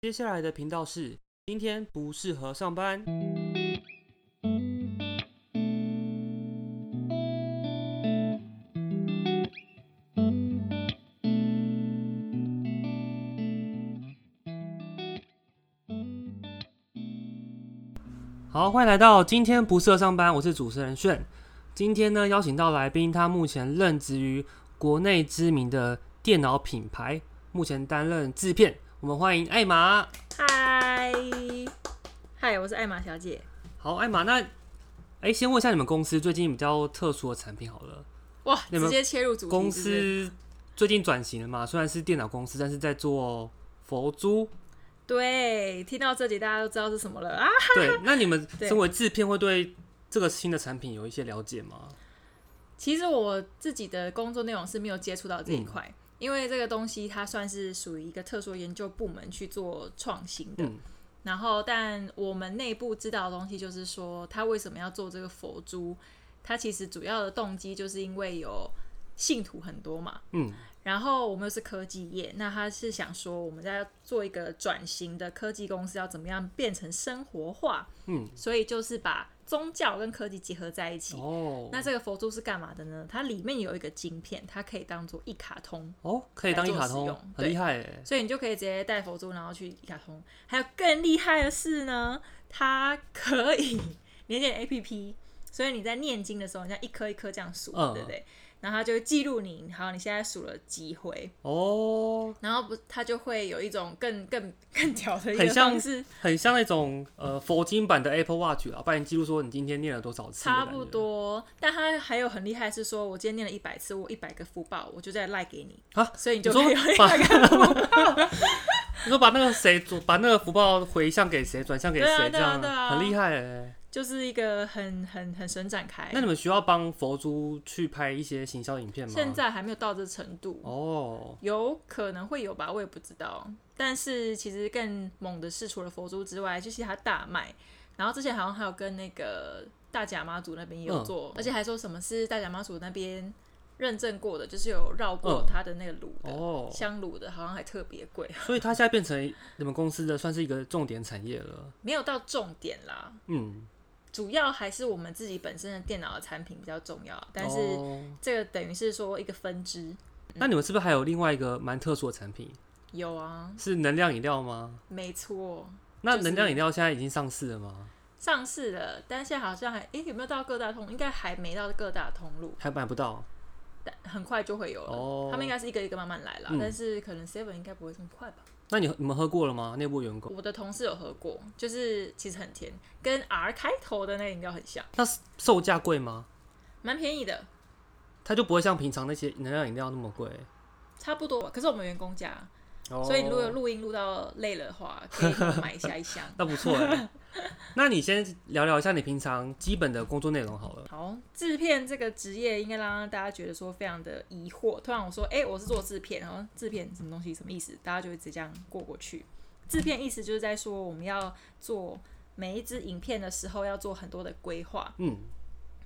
接下來的頻道是今天不適合上班。好，歡迎來到今天不適合上班，我是主持人炫。今天呢，邀請到來賓，他目前任職於國內知名的電腦品牌，目前擔任製片。我們歡迎艾瑪。嗨，嗨，我是艾瑪小姐。好，艾瑪，那，哎、欸，先問一下你們公司最近比較特殊的產品好了。哇，你們直接切入主題。公司最近轉型了嗎？雖然是電腦公司，但是在做佛珠。對，聽到這裡大家都知道是什麼了啊？ 對，那你們身為製片，會對這個新的產品有一些了解嗎？其實我自己的工作內容是沒有接觸到這一塊。嗯因為這個東西，它算是屬於一個特殊研究部門去做創新的。嗯、然後，但我們內部知道的東西就是說，他為什麼要做這個佛珠？他其實主要的動機就是因為有信徒很多嘛。嗯。然後我們又是科技業，那他是想說，我們在做一個轉型的科技公司，要怎麼樣變成生活化？嗯。所以就是把。宗教跟科技結合在一起，oh，那這個佛珠是幹嘛的呢？它裡面有一個晶片，它可以當做一卡通哦，oh，可以當一卡通使用，很厲害耶。對，所以你就可以直接帶佛珠，然後去一卡通。還有更厲害的是呢，它可以連接 APP，所以你在唸經的時候，你要一顆一顆這樣數，嗯、對不對？然後他就會記錄你，然後你現在數了幾回哦。然後不，他就會有一種更更更屌的一個很像，很像那種呃佛經版的 Apple Watch 了，啊，把你記錄說你今天念了多少次。差不多，但他還有很厲害是說，我今天念了一百次，我一百個福報，我就再賴、like、給你。好，啊，所以你就說把那個誰把那個福報回向給誰，轉向給誰，啊、這樣、啊啊啊、很厲害哎。就是一個很很很神展開，那你們需要幫佛珠去拍一些行銷影片嗎？現在還沒有到這個程度哦，有可能會有吧，我也不知道。但是其實更猛的是，除了佛珠之外，就是它大賣。然後之前好像還有跟那個大甲媽祖那邊也有做，而且還說什麼是大甲媽祖那邊認證過的，就是有繞過它的那個爐的香爐的，好像還特別貴。所以它現在變成你們公司的算是一個重點產業了？沒有到重點啦，嗯。主要還是我們自己本身的電腦的產品比較重要，但是這個等於是說一個分支。Oh. 嗯、那你們是不是還有另外一個蠻特殊的產品？有啊，是能量飲料嗎？沒錯。那能量飲料現在已經上市了嗎？上市了，但是現在好像還，哎，有沒有到各大通？應該還沒到各大通路，還買不到。但很快就會有了。oh. 他們應該是一個一個慢慢來了，嗯、但是可能 Seven 應該不會這麼快吧。那你你們喝過了嗎？內部員工，我的同事有喝過，就是其實很甜，跟 R 開頭的那個飲料很像。那售價貴嗎？蠻便宜的，它就不會像平常那些能量飲料那麼貴、欸，差不多吧。可是我們員工價，oh. 所以如果錄音錄到累了的話，可以買一下一箱，那 不錯 那你先聊聊一下你平常基本的工作內容好了。好，製片這個職業應該讓大家覺得說非常的疑惑。突然我說，哎、欸，我是做製片，然後製片什麼東西，什麼意思？大家就會直接這樣過過去。製片意思就是在說，我們要做每一支影片的時候，要做很多的規劃。嗯，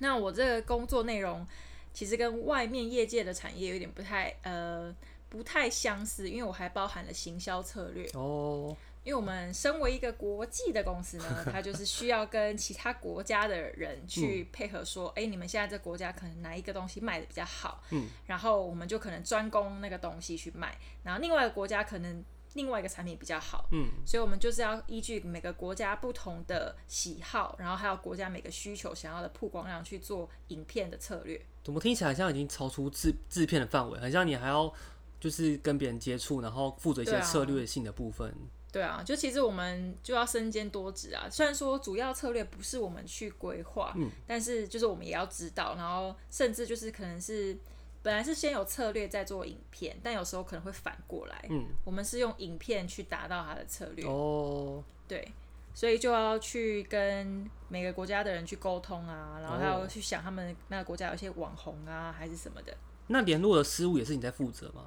那我這個工作內容其實跟外面業界的產業有點不太呃不太相似，因為我還包含了行銷策略。哦。因為我們身為一個國際的公司呢，它就是需要跟其他國家的人去配合，說，哎、 嗯欸，你們現在這國家可能哪一個東西賣得比較好，嗯，然後我們就可能專攻那個東西去賣。然後另外一個國家可能另外一個產品比較好，嗯，所以我們就是要依據每個國家不同的喜好，然後還有國家每個需求想要的曝光量去做影片的策略。怎麼聽起來像已經超出制制片的範圍？很像你還要就是跟別人接觸，然後負責一些策略性的部分。對啊，就其實我們就要身兼多職啊。雖然說主要策略不是我們去規劃，嗯、但是就是我們也要知道。然後甚至就是可能是本來是先有策略再做影片，但有時候可能會反過來。嗯，我們是用影片去達到他的策略哦。對，所以就要去跟每個國家的人去溝通啊，然後還要去想他們那個國家有些網紅啊、哦、還是什麼的。那聯絡的事務也是你在負責嗎？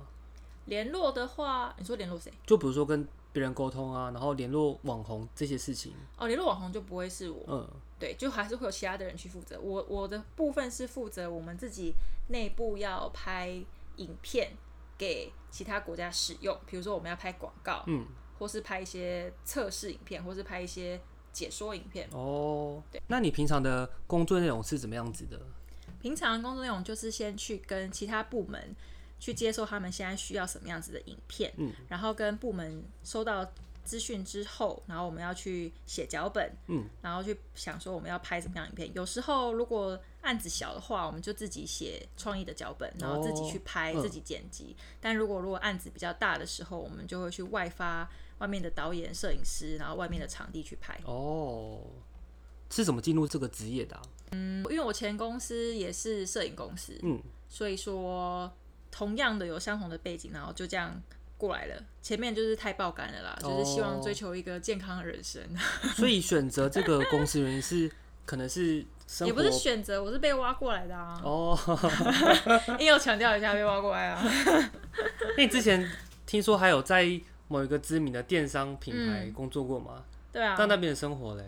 聯絡的話，你說聯絡誰？就比如說跟。別人溝通啊，然後聯絡網紅這些事情哦。聯絡網紅就不會是我，嗯，對，就還是會有其他的人去負責。我我的部分是負責我們自己內部要拍影片給其他國家使用，比如說我們要拍廣告，嗯，或是拍一些測試影片，或是拍一些解說影片。哦，對，那你平常的工作內容是怎麼樣子的？平常工作內容就是先去跟其他部門。去接受他們現在需要什麼樣子的影片，嗯、然後跟部門收到資訊之後，然後我們要去寫腳本，嗯、然後去想說我們要拍什麼樣影片。有時候如果案子小的話，我們就自己寫創意的腳本，然後自己去拍，哦、自己剪輯。嗯、但如果如果案子比較大的時候，我們就會去外發外面的導演、攝影師，然後外面的場地去拍。哦，是怎麼進入這個職業的啊？嗯，因為我前公司也是攝影公司，嗯、所以說。同樣的有相同的背景，然後就這樣過來了。前面就是太爆肝了啦，oh. 就是希望追求一個健康的人生，所以選擇這個公司原因是 可能是生活也不是選擇，我是被挖過來的啊。哦，要強調一下被挖過來啊。 那你之前聽說還有在某一個知名的電商品牌工作過嗎？嗯、對啊，但那邊的生活嘞，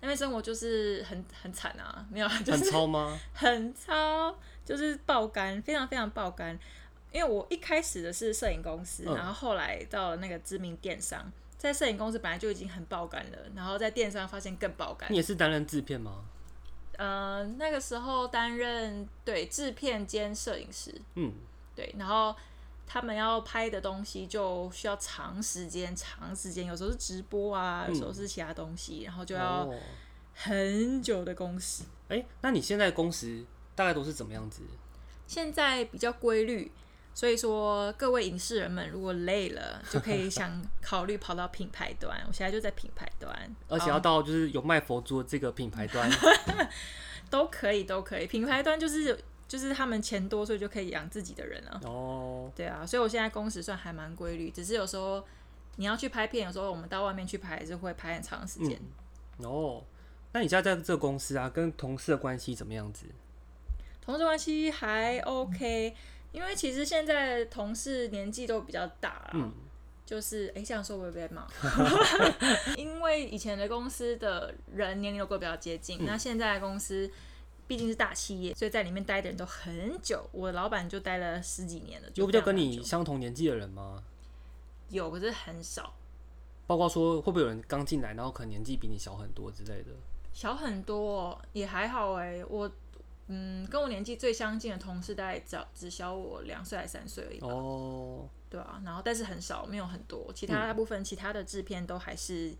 那邊生活就是很很慘啊，沒有、就是、很操嗎？很操，就是爆肝，非常非常爆肝。因為我一開始的是攝影公司，然後後來到了那個知名電商。嗯、在攝影公司本來就已經很爆感肝了，然後在電商發現更爆肝。你也是擔任製片嗎？嗯、呃，那個時候擔任對製片兼攝影師。嗯，對。然後他們要拍的東西就需要長時間、長時間，有時候是直播啊，有時候是其他東西，嗯、然後就要很久的工時。哎、欸，那你現在工時大概都是怎麼樣子？現在比較規律。所以說，各位影視人們，如果累了，就可以想考慮跑到品牌端。 我現在就在品牌端，而且要到就是有賣佛珠的這個品牌端，哦、 都可以，都可以。品牌端就是就是他們錢多，所以就可以養自己的人了。哦，對啊，所以我現在工時算還蠻規律，只是有時候你要去拍片，有時候我們到外面去拍，就會拍很長時間，嗯。哦，那你現在在這個公司啊，跟同事的關係怎麼樣子？同事關係還 OK。嗯因為其實現在同事年紀都比較大、啊，嗯，就是哎、欸、這樣說我不會嘛？ 因為以前的公司的人年齡都比較接近，嗯、那現在的公司畢竟是大企業，所以在裡面待的人都很久。我的老闆就待了十幾年了，有比較跟你相同年紀的人嗎？有，可是很少。包括說會不會有人剛進來，然後可能年紀比你小很多之類的？小很多也還好哎、欸，我。嗯，跟我年紀最相近的同事大概只只小我兩歲還三歲而已。哦，oh. 對啊，然後但是很少，沒有很多，其他大部分其他的製片都還是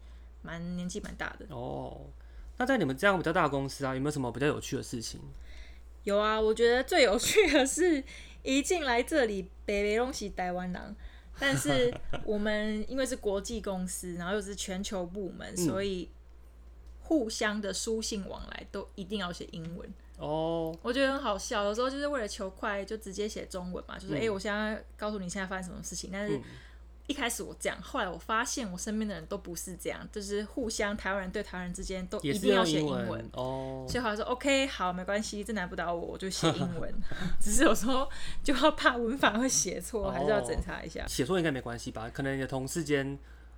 蠻年紀蠻大的。哦，oh. 那在你們這樣比較大的公司啊，有沒有什麼比較有趣的事情？有啊，我覺得最有趣的是，一進來這裡北北都是台灣人，但是我們因為是國際公司，然後又是全球部門，所以、嗯。互相的書信往來都一定要寫英文哦，oh. 我覺得很好笑。有時候就是為了求快，就直接寫中文嘛，就是哎、嗯欸，我現在告訴你現在發生什麼事情。但是一開始我這樣，後來我發現我身邊的人都不是這樣，就是互相台灣人對台灣人之間都一定要寫英文哦。文 oh. 所以說 OK，好，沒關係，這難不倒我，我就寫英文。 只是有時候就要怕文法會寫錯，oh. 還是要檢查一下。寫錯應該沒關係吧？可能你的同事間。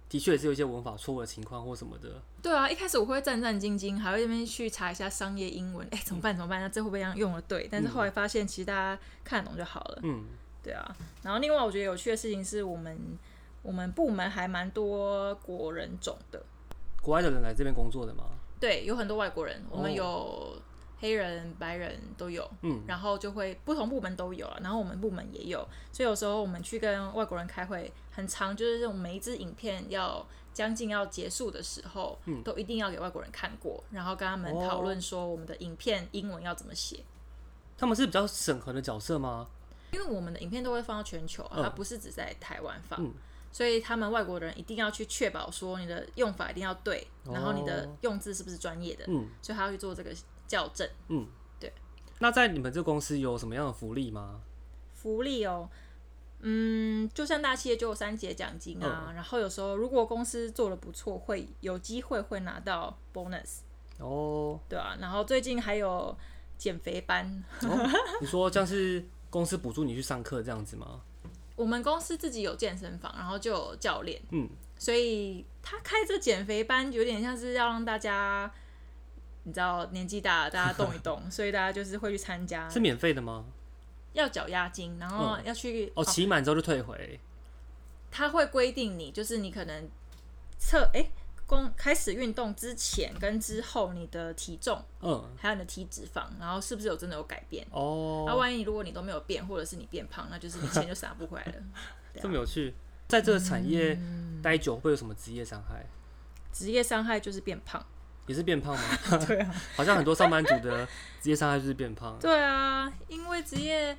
的確是有一些文法錯誤的情況或什麼的。對啊，一開始我會戰戰兢兢，還會那邊去查一下商業英文，哎、欸，怎麼辦？怎麼辦？那、啊、這會不會這樣用了對？嗯、但是後來發現，其實大家看得懂就好了。嗯，對啊。然後另外我覺得有趣的事情是，我們我們部門還蠻多國人種的，國外的人來這邊工作的嗎？對，有很多外國人，我們有、哦。黑人、白人都有，嗯，然後就會不同部門都有了，然後我們部門也有，所以有時候我們去跟外國人開會，很常，就是這種每一支影片要將近要結束的時候，嗯，都一定要給外國人看過，然後跟他們討論說我們的影片英文要怎麼寫。哦、他們是比較審核的角色嗎？因為我們的影片都會放到全球啊，哦、它不是只在台灣放，嗯、所以他們外國人一定要去確保說你的用法一定要對，哦、然後你的用字是不是專業的，嗯，所以他要去做這個。校正，嗯，對。那在你們這公司有什麼樣的福利嗎？福利哦，嗯，就像大企業就有三節獎金啊，嗯、然後有時候如果公司做的不錯，會有機會會拿到 bonus 哦，對啊。然後最近還有減肥班，哦、 你說像是公司補助你去上課這樣子嗎？我們公司自己有健身房，然後就有教練，嗯，所以他開這減肥班，有點像是要讓大家。你知道年紀大了，大家動一動，所以大家就是會去參加。是免費的嗎？要繳押金，然後要去哦，期滿之後就退回。他會規定你，就是你可能測哎，公開始運動之前跟之後你的體重，嗯，還有你的體脂肪，然後是不是有真的有改變？哦，那萬一如果你都沒有變，或者是你變胖，那就是錢就撒不回來了。這麼有趣。在這個產業待久會有什麼職業傷害？職業傷害就是變胖。也是變胖嗎？ 對啊，好像很多上班族的職業傷害就是變胖。對啊，因為職業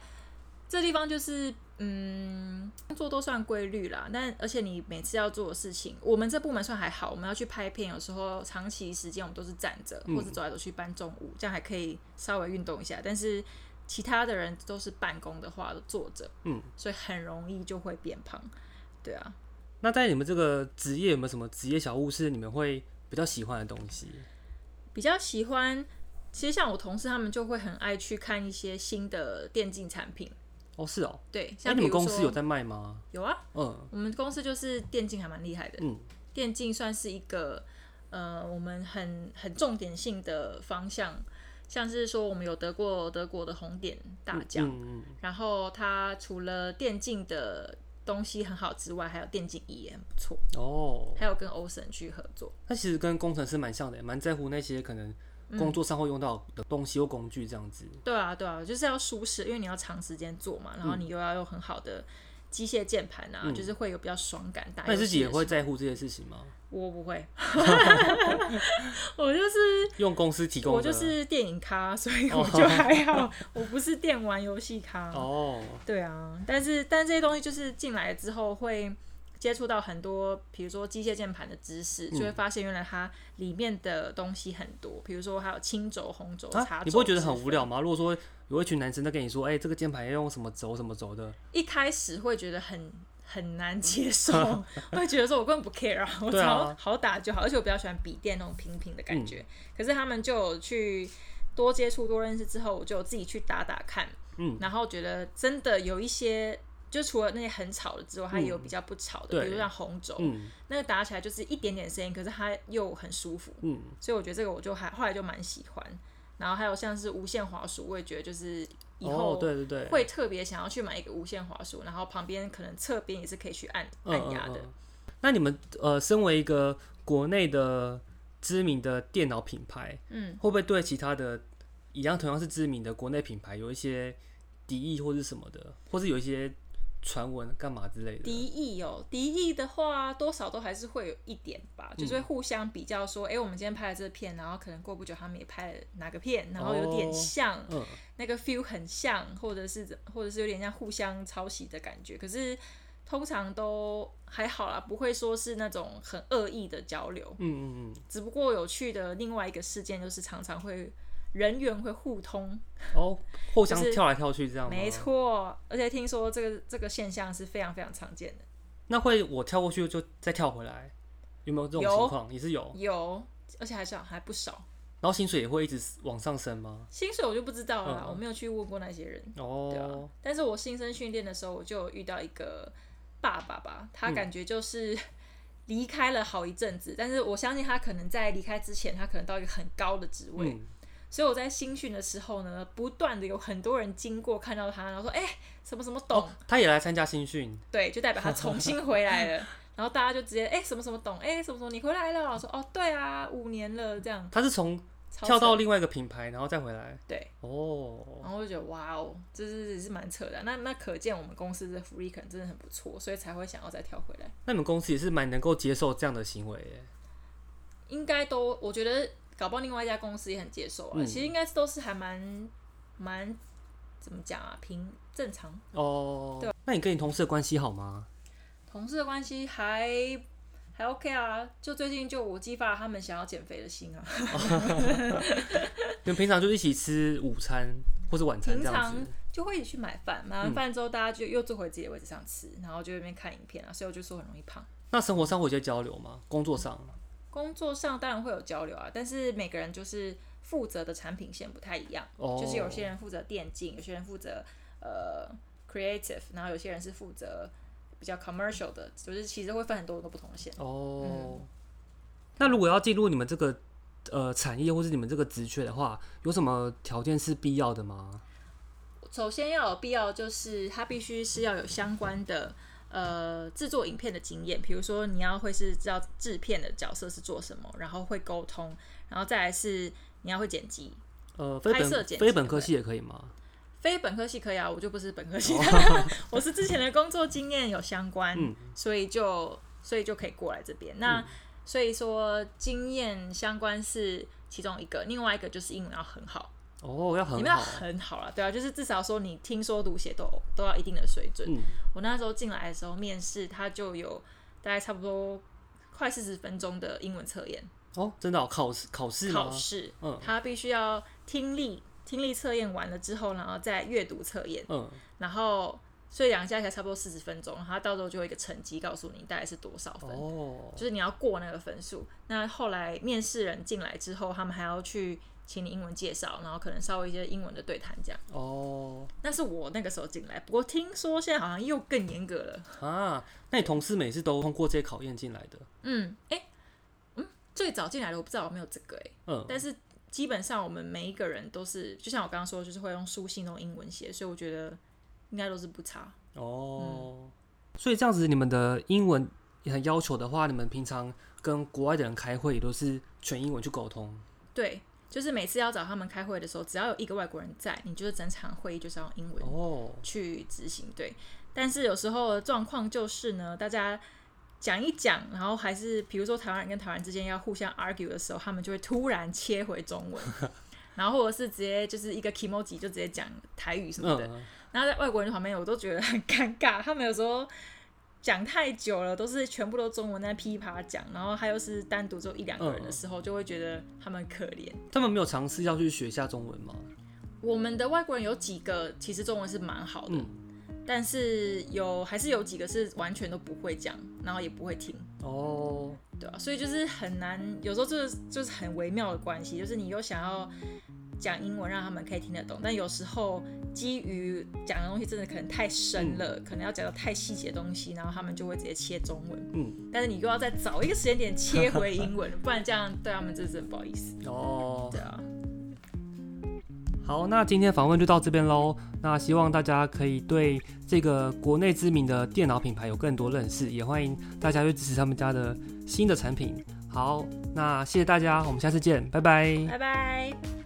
這地方就是嗯，工作都算規律啦。但而且你每次要做的事情，我們這部門算還好，我們要去拍片，有時候長期時間我們都是站着或者走來走去搬重物，這樣還可以稍微運動一下。但是其他的人都是辦公的話，都坐着，嗯，所以很容易就會變胖。對啊、嗯。那在你們這個職業有沒有什麼職業小物是你們會？比較喜歡的東西，比較喜歡。其實像我同事他們就會很愛去看一些新的電競產品。哦，是哦，對。哎、欸，你們公司有在賣嗎？有啊，嗯，我們公司就是電競還蠻厲害的，嗯，電競算是一個呃我們很很重點性的方向。像是說我們有得過德國的紅點大獎。嗯，嗯，嗯，然後它除了電競的。東西很好之外，還有電競椅也很不錯哦。Oh, 還有跟 Ocean 去合作，那其實跟工程師蠻像的，蠻在乎那些可能工作上會用到的東西或工具這樣子。嗯、對啊，對啊，就是要舒適，因為你要長時間做嘛，然後你又要用很好的機械鍵盤啊，嗯、就是會有比較爽感。嗯、打但你自己也會在乎這些事情嗎？我不會， 我就是用公司提供，我就是電影咖，所以我就還好。我不是電玩遊戲咖哦，對啊，但是但這些東西就是進來之後會接觸到很多，比如說機械鍵盤的知識，就會發現原來它裡面的東西很多，比如說還有青軸、紅軸、你你不會覺得很無聊嗎？如果說有一群男生在跟你說，哎，這個鍵盤要用什麼軸、什麼軸的，一開始會覺得很。很難接受，我也 覺得說我根本不 care，啊、我只要好，啊、好打就好，而且我比較喜歡筆電那種平平的感覺。嗯、可是他們就有去多接觸、多認識之後，我就自己去打打看，嗯、然後覺得真的有一些，就除了那些很吵的之外，嗯、它也有比較不吵的，嗯、比如像紅軸，嗯、那個打起來就是一點點聲音，可是它又很舒服，嗯、所以我覺得這個我就還後來就蠻喜歡。然後還有像是無線滑鼠，我也覺得就是以後對對對會特別想要去買一個無線滑鼠，哦、對對對，然後旁邊可能側邊也是可以去按按壓的。呃呃呃，那你們呃，身為一個國內的知名的電腦品牌，嗯，會不會對其他的一樣同樣是知名的國內品牌有一些敵意或是什麼的，或是有一些？傳聞幹嘛之類的？敵意哦，敵意的話，多少都還是會有一點吧，嗯、就是會互相比較說，哎、欸，我們今天拍了這片，然後可能過不久他們也拍了哪個片，然後有點像，哦嗯、那個 feel 很像，或者是或者是有點像互相抄襲的感覺。可是通常都還好啦，不會說是那種很惡意的交流。嗯嗯嗯。只不過有趣的另外一個事件就是，常常會。人員會互通哦，互相跳來跳去這樣，沒錯。而且聽說這個這個現象是非常非常常見的。那會我跳過去就再跳回來，有沒有這種情況？有也是有，有，而且還少，還不少。然後薪水也會一直往上升嗎？薪水我就不知道了啦，嗯、我沒有去問過那些人。哦、對啊，但是我新生訓練的時候，我就有遇到一個爸爸吧，他感覺就是離開了好一陣子，嗯、但是我相信他可能在離開之前，他可能到一個很高的職位。嗯所以我在新訓的時候呢，不斷的有很多人經過看到他，然後說：“哎、欸，什麼什麼懂？”哦、他也來參加新訓，對，就代表他重新回來了。 然後大家就直接：“哎、欸，什麼什麼懂？哎、欸，什麼什麼你回來了？”說：“哦，對啊，五年了。”這樣他是從跳到另外一個品牌，然後再回來。對，哦，然後我就覺得哇哦，這是也是是蠻扯的、啊。那那可見我們公司的福利可能真的很不錯，所以才會想要再跳回來。那你們公司也是蠻能夠接受這樣的行為耶？應該都，我覺得。搞不好另外一家公司也很接受啊，嗯、其實應該都是還蠻蠻怎麼講啊，平正常，嗯、哦。對，那你跟你同事的關係好嗎？同事的關係還還 OK 啊，就最近就我激發了他們想要減肥的心啊。就，哦、 平常就一起吃午餐或是晚餐這樣子，平常就會去買飯，買完飯之後大家就又坐回自己的位置上吃，嗯、然後就在那邊看影片啊，所以我就說我很容易胖。那生活上會有些交流嗎？工作上？嗯工作上當然會有交流啊，但是每個人就是負責的產品線不太一樣，oh. 就是有些人負責電競，有些人負責呃 creative，然後有些人是負責比較 commercial 的，就是其實會分很多個不同的線。哦、oh. 嗯。那如果要進入你們這個呃產業或是你們這個職缺的話，有什麼條件是必要的嗎？首先要有必要，就是它必須是要有相關的。呃，製作影片的經驗，比如說你要會是知道製片的角色是做什麼，然後會溝通，然後再來是你要會剪輯。呃，拍攝剪輯。非本科系也可以嗎？非本科系可以啊，我就不是本科系， 我是之前的工作經驗有相關， 所以就所以就可以過來這邊。那所以說經驗相關是其中一個，另外一個就是英文要很好。哦，要很好，啊，你們要很好了，啊，對啊，就是至少說你聽說讀寫都都要一定的水準。嗯、我那時候進來的時候面試，他就有大概差不多快四十分鐘的英文測驗。哦，真的，哦，考試考試考試，嗯，他必須要聽力聽力測驗完了之後，然後再閱讀測驗，嗯，然後所以兩下才差不多四十分鐘，他到時候就有一個成績告訴你大概是多少分。哦，就是你要過那個分數。那後來面試人進來之後，他們還要去。請你英文介紹，然後可能稍微一些英文的對談這樣。哦。那是我那個時候進來，不過聽說現在好像又更嚴格了。啊，那你同事每次都通過這些考驗進來的？嗯，哎，嗯，最早進來的我不知道有沒有這個哎。嗯。但是基本上我們每一個人都是，就像我剛剛說的，就是會用書信用英文寫，所以我覺得應該都是不差。哦。嗯。所以這樣子，你們的英文也很要求的話，你們平常跟國外的人開會也都是全英文去溝通？對。就是每次要找他們開會的時候，只要有一個外國人在，你就是整場會議就是要用英文去執行，oh. 對。但是有時候的狀況就是呢，大家講一講，然後還是比如說台灣人跟台灣之間要互相 argue 的時候，他們就會突然切回中文， 然後或者是直接就是一個 i m o j i 就直接講台語什麼的，uh huh. 然後在外國人旁邊我都覺得很尷尬，他們有時候。講太久了，都是全部都中文在噼啪講，然後他又是單獨做一兩個人的時候，就會覺得他們可憐。他們沒有嘗試要去學一下中文嗎？我們的外國人有幾個其實中文是蠻好的，嗯、但是有還是有幾個是完全都不會講，然後也不會聽。哦，對啊，所以就是很難，有時候就是就是很微妙的關係，就是你又想要。講英文讓他們可以聽得懂，但有時候基於講的東西真的可能太深了，嗯、可能要講到太細節的東西，然後他們就會直接切中文。嗯，但是你又要再找一個時間點切回英文， 不然這樣對他們真是不好意思。哦，對啊。好，那今天訪問就到這邊嘍。那希望大家可以對這個國內知名的電腦品牌有更多認識，也歡迎大家去支持他們家的新的產品。好，那謝謝大家，我們下次見， 拜拜。拜拜。